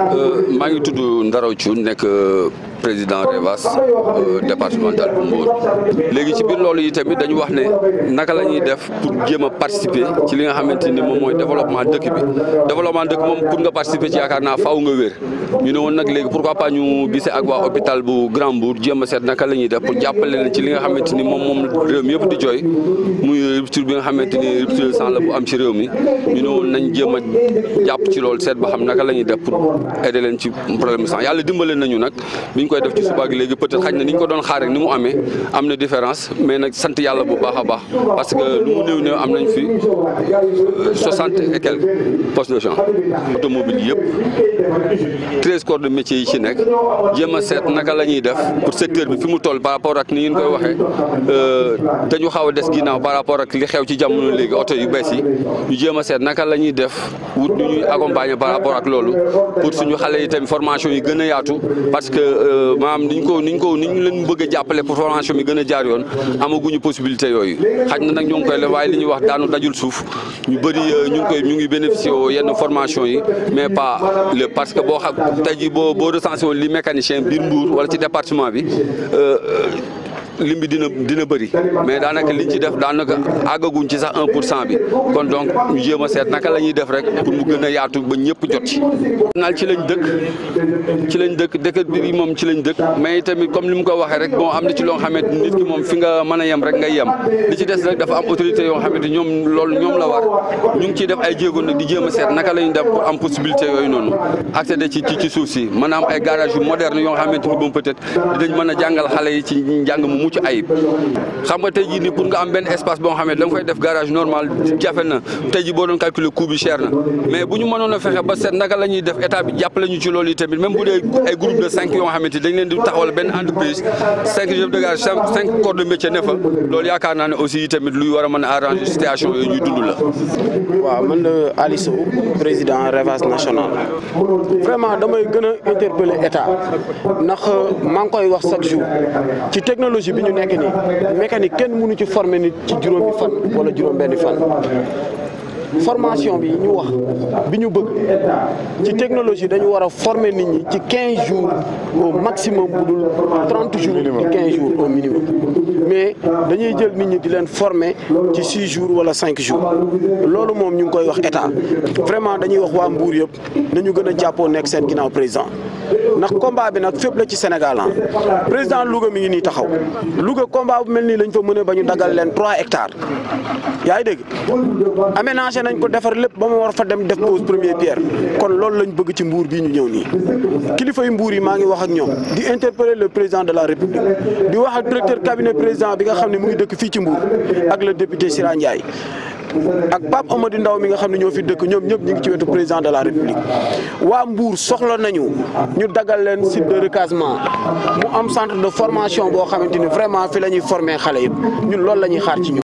Euh, maa ngi tudd Ndaraw Thioune nekk euh, président Revas euh, départemental bu Mbour léegi ci bir loolu yi dañu wax né naka la def pour djema participer ci li nga xamanteni mom moy développement dëkk bi développement dëkk mom pour nga participer ci yakarna faaw nga wër ñu ne woon nag pourquoi pas ñu bissé ak wa hôpital bu Grand Mbour djema a naka la def pour jappalé leen ci li nga xamanteni mom mom réew mi yëpp di joy muy rupture bi nga xamanteni rupture sang la bu am ci réew mi ñu ne woon nañ djema japp ci loolu seet ba xam naka la def pour aider leen ci problème sang yalla dimbalé nañu nak biñ ko koy def ci suba ak léegi peut-être xaj na ni ñu ko doon xaar rek ni mu amé amna différence mais nak sante yalla bu baax a baax parce que lu mu néew néew am nañ fi euh, soixante et quelques postes de champs automobile yépp 13 corps de métier yi ci nekk jéem a naka lañuy def pour secteur bi fi mu toll par rapport ak ni ngeen koy waxé euh dañu xaw a des ginnaaw par rapport ak li xew ci jamono léegi auto yu bees yi ñu jéem set naka lañuy def wut ñu ñuy accompagner par rapport ak lolu pour suñu xalé yi tamit formation yi gëna a yaatu parce que euh, maanaam niñ ko niñ ko niñ leen bëgg a jàppale pour formation bi gën a jaar yoon amaguñu possibilité yooyu xaj na nag ñu ngi koy la waaye li ñuy wax daanu dajul suuf ñu bëri euh, ñu ngi koy ñu ngi bénéficié woo yenn formation yi mais pas lépp parce que boo xam tey jii boo boo recensé woon li mécanicien biir Mbour wala ci département bi euh, euh, lim bi dina dina bëri mais daanaka liñ ci def daanaka àggaguñ ci sax un pour cent bi kon donc ñu jéem a seet naka la ñuy def rek pour mu gën a yaatu ba ñëpp jot ci. naal ci lañ dëkk ci lañ dëkk dëkk bi moom ci lañ dëkk mais tamit comme ni mu ko waxee rek bon am na ci loo xamante nit ki moom fi nga mën a yem rek nga yem li ci des nag dafa am autorité yoo xamante ñoom loolu ñoom la ñu ngi ciy def ay jéego nag di jéem seet naka la ñuy def am possibilité yooyu noonu accéder ci ci suuf si maanaam ay garage yu moderne yoo xamante ni moom peut-être dinañ mën a jàngal xale yi ci njàng mu mucc ayib espace groupe de de de président national vraiment damay interpeller état technologie biñu ñu ni mécanique kenn mënu ci former ni ci bi fan wala juroom benn fan. formation bi ñu wax biñu bëgg ci technologie dañu wara former nit ñi ci 15 jours au maximum budul 30 jours ci 15 jours au minimum mais dañuy jël nit ñi di leen former ci 6 jours wala 5 jours loolu moom ñu ngi koy wax état vraiment dañuy wax waa mbuur yëpp nañu gën a jàppoo nekk seen ginnaaw président ndax combat bi nag fépp la ci Sénégal ah président Louga mi ngi nii taxaw Louga combat bu mel nii lañ fa mën ba ñu dagal leen 3 hectares yaa ngi dégg aménagé nañ ko defar lépp ba mu war fa dem def pose première pierre kon loolu lañ bëgg ci mbuur bii ñu ñëw nii kilifa yu mbuur yi maa ngi wax ak ñoom di interpeller le président de la république di wax ak directeur cabinet président bi nga xam ne mu ngi dëkk fii ci mbuur ak le député Sira Ndiaye ak Pape Amadou Ndaw mi nga xamni ñoo fi dëkk ñom ñëpp ñi ngi ci wetu président de la république wa Mbour soxlo nañu ñu dagal leen site de recasement mu am centre de formation bo xamanteni vraiment fi lañuy former xalé yëpp ñun loolu lañuy xaar ci